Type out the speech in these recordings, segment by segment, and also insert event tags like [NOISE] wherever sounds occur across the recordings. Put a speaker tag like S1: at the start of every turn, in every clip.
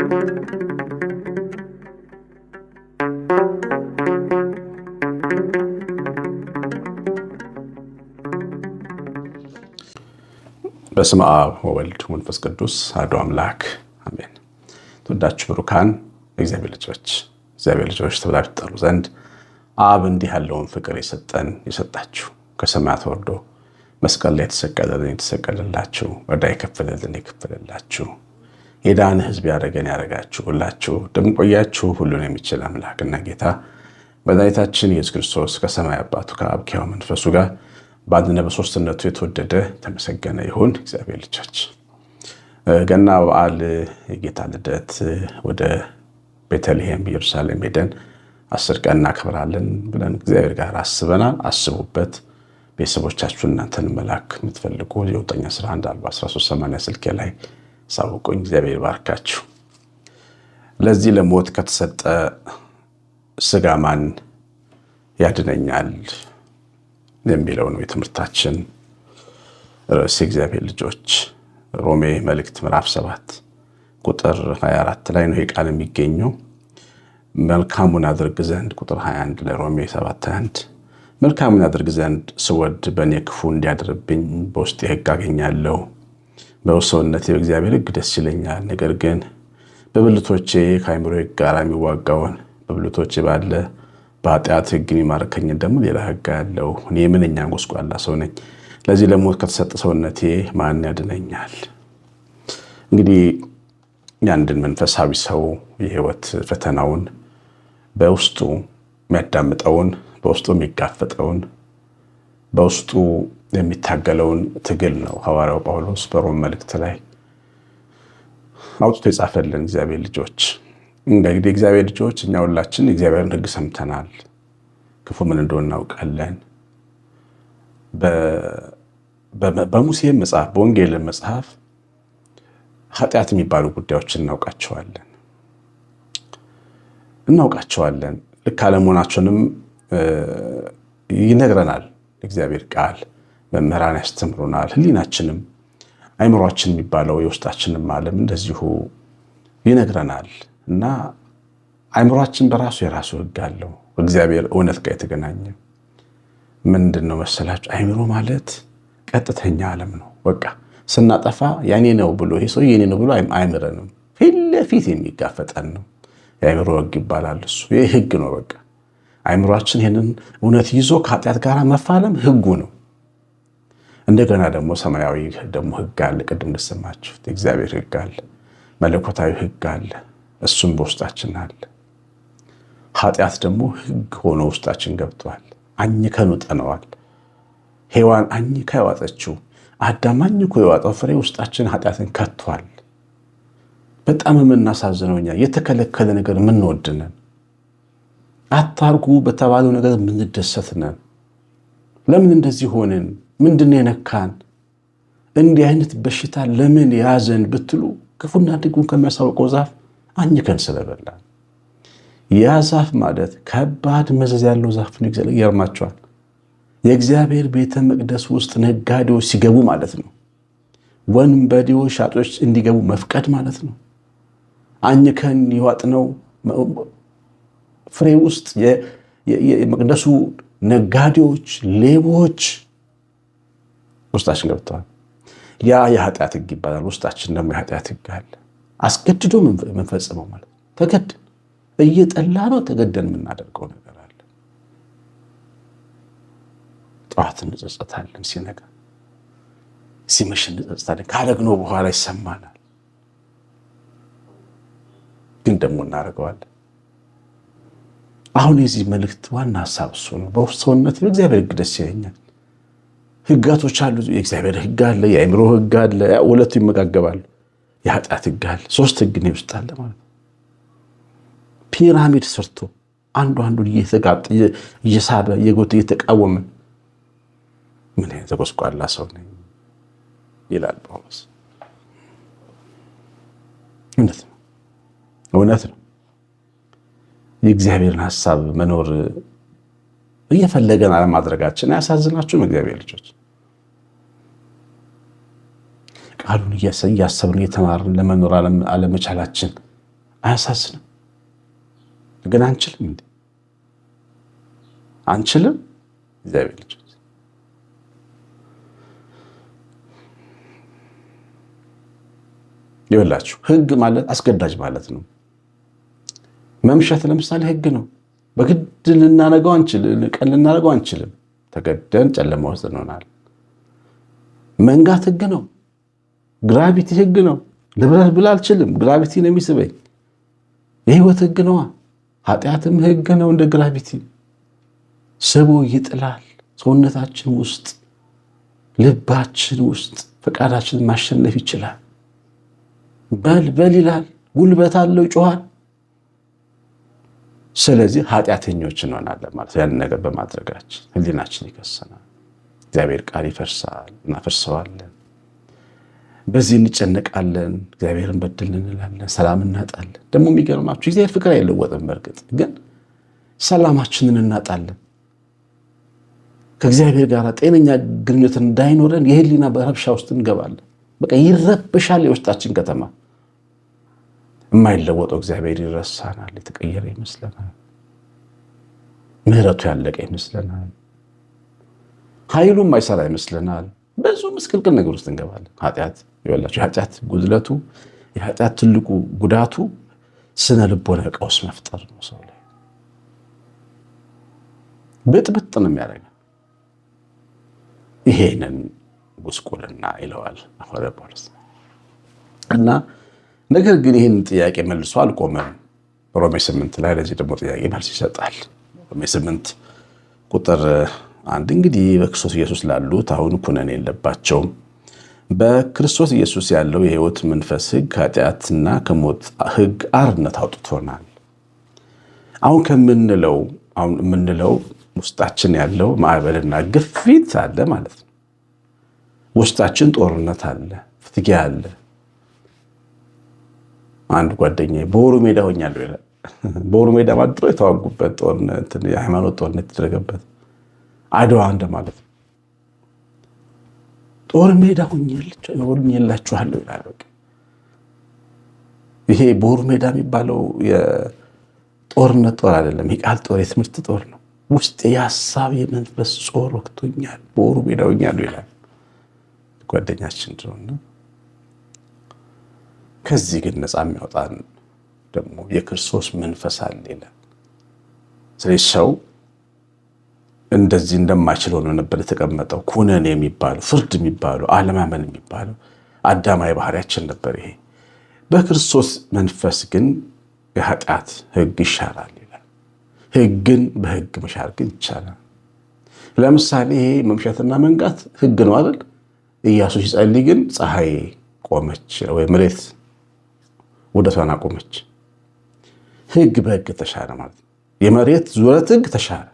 S1: በስመ አብ ወወልድ መንፈስ ቅዱስ አሐዱ አምላክ አሜን። ተወዳችሁ ብሩካን እግዚአብሔር ልጆች እግዚአብሔር ልጆች ተብላችሁ ትጠሩ ዘንድ አብ እንዲህ ያለውን ፍቅር የሰጠን የሰጣችሁ ከሰማያት ወርዶ መስቀል ላይ የተሰቀለልን የተሰቀለላችሁ ወዳ የከፈለልን የከፈለላችሁ የዳነ ህዝብ ያደረገን ያደረጋችሁ ሁላችሁ ቆያችሁ። ሁሉን የሚችል አምላክና ጌታ መድኃኒታችን ኢየሱስ ክርስቶስ ከሰማይ አባቱ ከአብ ከሕያው መንፈሱ ጋር በአንድነት በሶስትነቱ የተወደደ ተመሰገነ ይሁን። እግዚአብሔር ልጆች ገና በዓል የጌታ ልደት ወደ ቤተልሔም ኢየሩሳሌም ሄደን አስር ቀን እናከብራለን ብለን እግዚአብሔር ጋር አስበናል። አስቡበት። ቤተሰቦቻችሁ እናንተን መላክ የምትፈልጉ የ911 43 ስልኬ ላይ ሳውቁኝ። እግዚአብሔር ባርካችሁ። ለዚህ ለሞት ከተሰጠ ስጋ ማን ያድነኛል የሚለው ነው የትምህርታችን ርዕስ። የእግዚአብሔር ልጆች ሮሜ መልእክት ምዕራፍ ሰባት ቁጥር 24 ላይ ነው ቃል የሚገኘው። መልካሙን አድርግ ዘንድ ቁጥር 21 ለሮሜ 7፥21 መልካሙን አድርግ ዘንድ ስወድ በእኔ ክፉ እንዲያድርብኝ በውስጤ ሕግ አገኛለሁ። ሰውነቴ በእግዚአብሔር ሕግ ደስ ይለኛል። ነገር ግን በብልቶቼ ከአይምሮ ሕግ ጋር የሚዋጋውን በብልቶቼ ባለ በኃጢአት ሕግ የሚማርከኝን ደግሞ ሌላ ሕግ ያለው እኔ ምንኛ ጎስቋላ ሰው ነኝ። ለዚህ ለሞት ከተሰጠ ሰውነቴ ማን ያድነኛል? እንግዲህ የአንድን መንፈሳዊ ሰው የህይወት ፈተናውን በውስጡ የሚያዳምጠውን፣ በውስጡ የሚጋፈጠውን፣ በውስጡ የሚታገለውን ትግል ነው ሐዋርያው ጳውሎስ በሮም መልእክት ላይ አውጥቶ የጻፈልን። እግዚአብሔር ልጆች እንግዲህ እግዚአብሔር ልጆች እኛ ሁላችን እግዚአብሔርን ሕግ ሰምተናል። ክፉ ምን እንደሆነ እናውቃለን። በሙሴም መጽሐፍ በወንጌል መጽሐፍ ኃጢአት የሚባሉ ጉዳዮችን እናውቃቸዋለን እናውቃቸዋለን ልክ አለመሆናቸውንም ይነግረናል እግዚአብሔር ቃል። መምህራን ያስተምሩናል። ህሊናችንም አይምሯችን የሚባለው የውስጣችንም ዓለም እንደዚሁ ይነግረናል እና አይምሯችን በራሱ የራሱ ህግ አለው። እግዚአብሔር እውነት ጋር የተገናኘ ምንድን ነው መሰላችሁ? አይምሮ ማለት ቀጥተኛ ዓለም ነው። በቃ ስናጠፋ ያኔ ነው ብሎ ይሄ ሰው የኔ ነው ብሎ አይምረንም። ፊት ለፊት የሚጋፈጠን ነው። የአይምሮ ህግ ይባላል እሱ። ይህ ህግ ነው በቃ አይምሯችን ይህንን እውነት ይዞ ከኃጢአት ጋር መፋለም ህጉ ነው። እንደገና ደግሞ ሰማያዊ ደግሞ ህግ አለ። ቅድም እንደሰማችሁት የእግዚአብሔር ህግ አለ፣ መለኮታዊ ህግ አለ። እሱም በውስጣችን አለ። ኃጢአት ደግሞ ህግ ሆኖ ውስጣችን ገብቷል። አኝከን ውጠነዋል። ሔዋን አኝካ የዋጠችው አዳም አኝኮ የዋጠው ፍሬ ውስጣችን ኃጢአትን ከቷል። በጣም የምናሳዝነው እኛ የተከለከለ ነገር የምንወድነን፣ አታርጉ በተባለው ነገር የምንደሰትነን። ለምን እንደዚህ ሆንን? ምንድን የነካን እንዲህ አይነት በሽታ ለምን ያዘን ብትሉ ክፉና ደጉን ከሚያሳውቀው ዛፍ አኝከን ስለበላን ያ ዛፍ ማለት ከባድ መዘዝ ያለው ዛፍ ነው። ይገርማቸዋል። የእግዚአብሔር ቤተ መቅደስ ውስጥ ነጋዴዎች ሲገቡ ማለት ነው። ወንበዴዎች፣ ሻጮች እንዲገቡ መፍቀድ ማለት ነው። አኝከን የዋጥነው ፍሬ ውስጥ የመቅደሱ ነጋዴዎች፣ ሌቦች ውስጣችን ገብተዋል። ያ የኃጢአት ህግ ይባላል። ውስጣችን ደግሞ የኃጢአት ህግ አለ። አስገድዶ የምንፈጽመው ማለት ተገድን እየጠላ ነው ተገደን የምናደርገው ነገር አለ። ጠዋት እንጸጸታለን፣ ሲነጋ ሲመሽ እንጸጸታለን። ካደረግነው በኋላ ይሰማናል፣ ግን ደግሞ እናደርገዋለን። አሁን የዚህ መልእክት ዋና ሀሳብ እሱ ነው። ሰውነት በእግዚአብሔር ህግ ደስ ይለኛል ህጋቶች አሉ። የእግዚአብሔር ህግ አለ፣ የአእምሮ ህግ አለ። ሁለቱ ይመጋገባሉ። የኃጢአት ህግ አለ። ሶስት ህግ ነው ውስጥ አለ ማለት ነው። ፒራሚድ ሰርቶ አንዱ አንዱ እየተጋጥ እየሳበ እየጎተ እየተቃወመ ምን አይነት ተቆስቋላ ሰው ነኝ ይላል ጳውሎስ። እውነት ነው፣ እውነት ነው። የእግዚአብሔርን ሀሳብ መኖር እየፈለገን አለማድረጋችን አያሳዝናችሁም? እግዚአብሔር ልጆች ቃሉን እያሰብን እየተማርን ለመኖር አለመቻላችን አያሳስንም ግን አንችልም እንዴ? አንችልም። እግዚአብሔር ልጆች ይበላችሁ። ህግ ማለት አስገዳጅ ማለት ነው። መምሸት ለምሳሌ ህግ ነው። በግድ ልናደርገው አንችልም፣ ቀን አንችልም። ተገደን ጨለማ ውስጥ እንሆናለን። መንጋት ህግ ነው። ግራቪቲ ህግ ነው። ልብረት ብላ አልችልም። ግራቪቲ ነው የሚስበኝ። የህይወት ህግ ነዋ። ኃጢአትም ህግ ነው እንደ ግራቪቲ ስቦ ይጥላል። ሰውነታችን ውስጥ፣ ልባችን ውስጥ ፈቃዳችን ማሸነፍ ይችላል። በል በል ይላል። ጉልበት አለው፣ ይጮኋል። ስለዚህ ኃጢአተኞች እንሆናለን ማለት ያንን ነገር በማድረጋችን ህሊናችን ይከሰናል። እግዚአብሔር ቃል ይፈርሳል፣ እናፈርሰዋለን። በዚህ እንጨነቃለን፣ እግዚአብሔርን በድል እንላለን፣ ሰላም እናጣለን። ደግሞ የሚገርማችሁ እግዚአብሔር ፍቅር አይለወጥም። በእርግጥ ግን ሰላማችንን እናጣለን። ከእግዚአብሔር ጋር ጤነኛ ግንኙነት እንዳይኖረን የህሊና በረብሻ ውስጥ እንገባለን። በቃ ይረብሻል የውስጣችን ከተማ። የማይለወጠው እግዚአብሔር ይረሳናል፣ የተቀየረ ይመስለናል፣ ምህረቱ ያለቀ ይመስለናል፣ ኃይሉ የማይሰራ ይመስለናል። ብዙ ምስቅልቅል ነገር ውስጥ እንገባለን ኃጢአት ይወላችሁ የኃጢአት ጉድለቱ የኃጢአት ትልቁ ጉዳቱ ስነ ልቦና ቀውስ መፍጠር ነው። ሰው ላይ ብጥብጥ ነው የሚያደርገው። ይሄንን ጉስቁልና ይለዋል ሐዋርያ እና ነገር ግን ይህን ጥያቄ መልሶ አልቆመም። ሮሜ ስምንት ላይ ለዚህ ደግሞ ጥያቄ መልስ ይሰጣል። ሮሜ ስምንት ቁጥር አንድ እንግዲህ በክርስቶስ ኢየሱስ ላሉት አሁን ኩነኔ የለባቸውም በክርስቶስ ኢየሱስ ያለው የህይወት መንፈስ ህግ ከኃጢአትና ከሞት ህግ አርነት አውጥቶናል። አሁን ከምንለው አሁን የምንለው ውስጣችን ያለው ማዕበልና ግፊት አለ ማለት ነው። ውስጣችን ጦርነት አለ፣ ፍትጊያ አለ። አንድ ጓደኛ በወሩ ሜዳ ሆኛለሁ ይላል። [LAUGHS] በወሩ ሜዳ ማድሮ የተዋጉበት ጦርነት፣ የሃይማኖት ጦርነት የተደረገበት አድዋ እንደማለት ነው። ጦር ሜዳ ሆኜላችኋለሁ ይላል። ይሄ ቦሩ ሜዳ የሚባለው የጦርነት ጦር አይደለም። የቃል ጦር፣ የትምህርት ጦር ነው። ውስጥ የሀሳብ የመንፈስ ጦር ወቅቶኛል፣ ቦሩ ሜዳ ሆኛለሁ ይላል ጓደኛችን እንደሆነ ከዚህ ግን ነፃ የሚያወጣን ደግሞ የክርስቶስ መንፈስ አለ ይላል። ስለዚህ ሰው እንደዚህ እንደማችል ሆኖ ነበር የተቀመጠው። ኩነን የሚባለው ፍርድ የሚባለው አለማመን የሚባለው አዳማዊ ባህሪያችን ነበር ይሄ። በክርስቶስ መንፈስ ግን የኃጢአት ህግ ይሻራል ይላል። ህግን በህግ መሻር ግን ይቻላል። ለምሳሌ ይሄ መምሸትና መንጋት ህግ ነው አይደል? እያሱ ሲጸልይ ግን ፀሐይ ቆመች ወይ መሬት ውደቷን አቆመች። ህግ በህግ ተሻረ ማለት ነው። የመሬት ዙረት ህግ ተሻረ።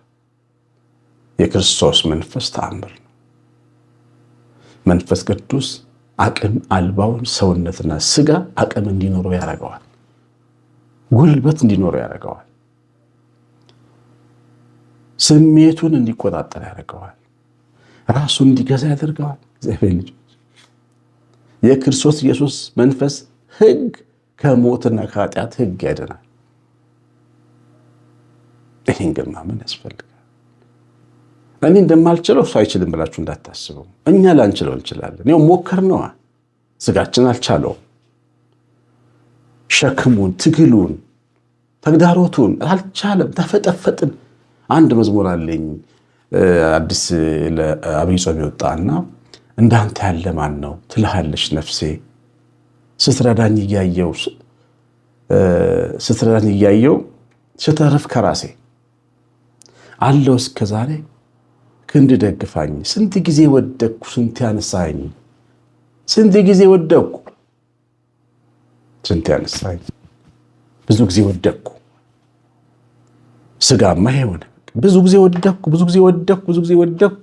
S1: የክርስቶስ መንፈስ ተአምር ነው። መንፈስ ቅዱስ አቅም አልባውን ሰውነትና ስጋ አቅም እንዲኖረው ያደርገዋል። ጉልበት እንዲኖረው ያደርገዋል። ስሜቱን እንዲቆጣጠር ያደርገዋል። ራሱን እንዲገዛ ያደርገዋል። እግዚአብሔር ልጆች የክርስቶስ ኢየሱስ መንፈስ ህግ ከሞትና ከኃጢአት ህግ ያድናል። ይህን ግን ማመን ያስፈልጋል። እኔ እንደማልችለው እሱ አይችልም ብላችሁ እንዳታስበው። እኛ ላንችለው እንችላለን። ያው ሞከር ነዋ። ስጋችን አልቻለውም። ሸክሙን፣ ትግሉን፣ ተግዳሮቱን አልቻለም። ተፈጠፈጥን። አንድ መዝሙር አለኝ አዲስ ለአብይ ጾም የወጣና እንዳንተ ያለ ማን ነው ትልሃለች ነፍሴ ስትረዳኝ እያየው ስትረዳኝ እያየው ስተርፍ ከራሴ አለው እስከ ዛሬ ክንድ ደግፋኝ። ስንት ጊዜ ወደቅኩ፣ ስንት ያነሳኝ። ስንት ጊዜ ወደቅኩ፣ ስንት ያነሳኝ። ብዙ ጊዜ ወደቅኩ። ስጋማ የሆነ ብዙ ጊዜ ወደቅኩ፣ ብዙ ጊዜ ወደቅኩ፣ ብዙ ጊዜ ወደቅኩ።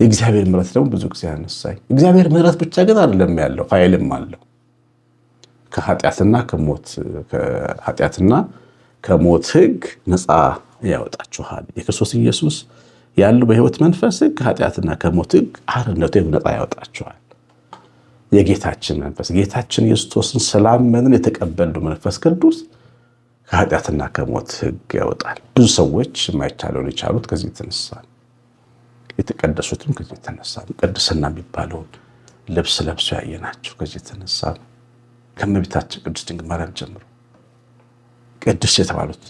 S1: የእግዚአብሔር ምሕረት ደግሞ ብዙ ጊዜ ያነሳኝ። እግዚአብሔር ምሕረት ብቻ ግን አይደለም ያለው፣ ኃይልም አለው። ከኃጢአትና ከሞት ከኃጢአትና ከሞት ሕግ ነፃ ያወጣችኋል የክርስቶስ ኢየሱስ ያሉ በህይወት መንፈስ ህግ ኃጢአትና ከሞት ህግ አርነቱ ነፃ ያወጣቸዋል። የጌታችን መንፈስ ጌታችን ክርስቶስን ስላመንን የተቀበሉ መንፈስ ቅዱስ ከኃጢአትና ከሞት ህግ ያወጣል። ብዙ ሰዎች የማይቻለውን የቻሉት ከዚህ የተነሳ የተቀደሱትም ከዚህ የተነሳ ቅድስና የሚባለውን ልብስ ለብሶ ያየናቸው ከዚህ የተነሳ ከእመቤታችን ቅድስት ድንግል ማርያም ጀምሮ ቅዱስ የተባሉት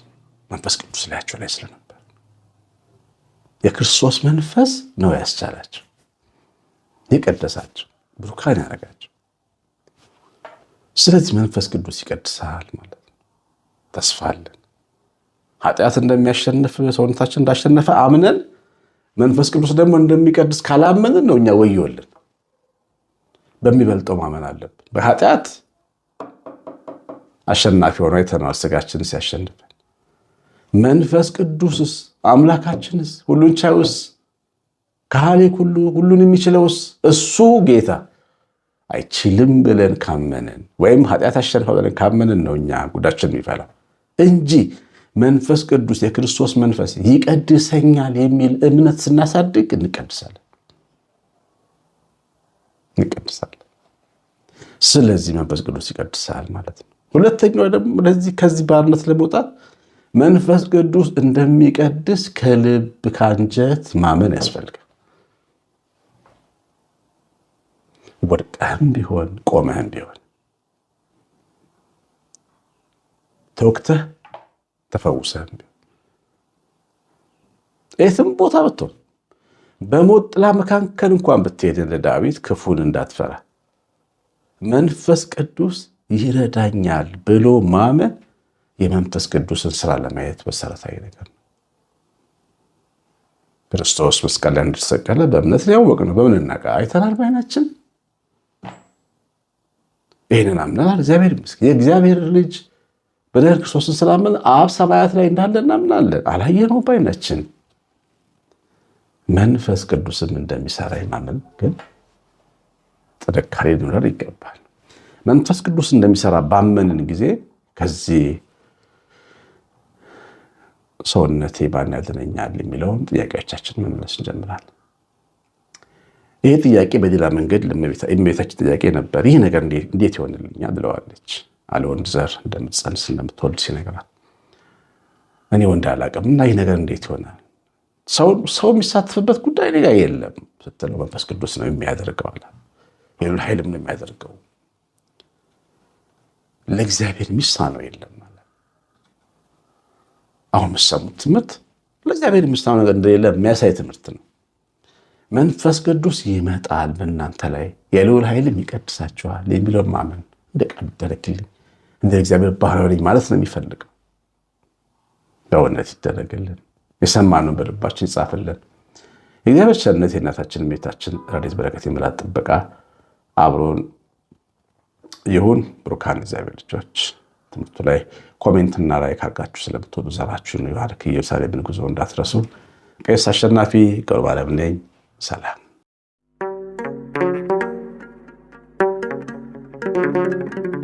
S1: መንፈስ ቅዱስ ላያቸው ላይ ስለነበር የክርስቶስ መንፈስ ነው ያስቻላቸው፣ የቀደሳቸው፣ ብሩካን ያደረጋቸው። ስለዚህ መንፈስ ቅዱስ ይቀድሳል ማለት ነው። ተስፋ አለን። ኃጢአት እንደሚያሸንፍ ሰውነታችን እንዳሸነፈ አምነን መንፈስ ቅዱስ ደግሞ እንደሚቀድስ ካላመንን ነው እኛ ወዮልን። በሚበልጠው ማመን አለብን። በኃጢአት አሸናፊ ሆኖ አይተነዋል፣ ስጋችን ሲያሸንፍ መንፈስ ቅዱስስ አምላካችንስ ሁሉን ቻዩስ ካሌ ሁሉ ሁሉን የሚችለውስ እሱ ጌታ አይችልም ብለን ካመንን ወይም ኃጢአት አሸንፋ ብለን ካመንን ነው እኛ ጉዳችን የሚፈላ እንጂ መንፈስ ቅዱስ የክርስቶስ መንፈስ ይቀድሰኛል የሚል እምነት ስናሳድግ እንቀድሳለን እንቀድሳለን። ስለዚህ መንፈስ ቅዱስ ይቀድሳል ማለት ነው። ሁለተኛው ደግሞ ለዚህ ከዚህ ባርነት ለመውጣት መንፈስ ቅዱስ እንደሚቀድስ ከልብ ካንጀት ማመን ያስፈልጋል። ወድቀህም ቢሆን ቆመህም ቢሆን ተወቅተህ ተፈውሰህም ቢሆን የትም ቦታ ብትሆን በሞት ጥላ መካከል እንኳን ብትሄድ እንደ ዳዊት ክፉን እንዳትፈራ መንፈስ ቅዱስ ይረዳኛል ብሎ ማመን የመንፈስ ቅዱስን ስራ ለማየት መሰረታዊ ነገር ነው። ክርስቶስ መስቀል ላይ እንደተሰቀለ በእምነት ሊያወቅ ነው በምን እናውቃ? አይተናል በዓይናችን። ይህንን አምነናል። እግዚአብሔር ይመስገን። የእግዚአብሔር ልጅ በደር ክርስቶስን ስላምን አብ ሰማያት ላይ እንዳለ እናምናለን። አላየ ነው በዓይናችን። መንፈስ ቅዱስም እንደሚሰራ የማመን ግን ጥንካሬ ሊኖረን ይገባል። መንፈስ ቅዱስ እንደሚሰራ ባመንን ጊዜ ከዚህ ሰውነቴ ማን ያድነኛል የሚለውን ጥያቄዎቻችን መመለስ እንጀምራለን። ይህ ጥያቄ በሌላ መንገድ የእመቤታችን ጥያቄ ነበር። ይህ ነገር እንዴት ይሆንልኛል ብለዋለች። አለ ወንድ ዘር እንደምትጸንስ እንደምትወልድ ሲነግራል እኔ ወንድ አላውቅም እና ይህ ነገር እንዴት ይሆናል? ሰው የሚሳተፍበት ጉዳይ እኔ ጋር የለም ስትለው መንፈስ ቅዱስ ነው የሚያደርገው አለ። ሌሉን ኃይልም ነው የሚያደርገው። ለእግዚአብሔር ነው የለም። አሁን የምትሰሙት ትምህርት ለእግዚአብሔር የምስታው ነገር እንደሌለ የሚያሳይ ትምህርት ነው። መንፈስ ቅዱስ ይመጣል በእናንተ ላይ የልዑል ኃይልም ይቀድሳችኋል የሚለው ማመን እንደ ቃል ይደረግልኝ፣ እንደ እግዚአብሔር ባህሪ ነኝ ማለት ነው የሚፈልገው። በእውነት ይደረግልን፣ የሰማነውን በልባችን ይጻፍልን። የእግዚአብሔር ቸርነት የእናታችን ቤታችን ረድኤት በረከት የምላት ጥበቃ አብሮን ይሁን። ብሩካን እግዚአብሔር ልጆች ትምህርቱ ላይ ኮሜንትና ላይክ አድርጋችሁ ስለምትወዱ ዘራችሁን ይባርክ። ኢየሩሳሌምን ጉዞ እንዳትረሱ። ቄስ አሸናፊ ገብረ ማርያም ነኝ። ሰላም Thank you.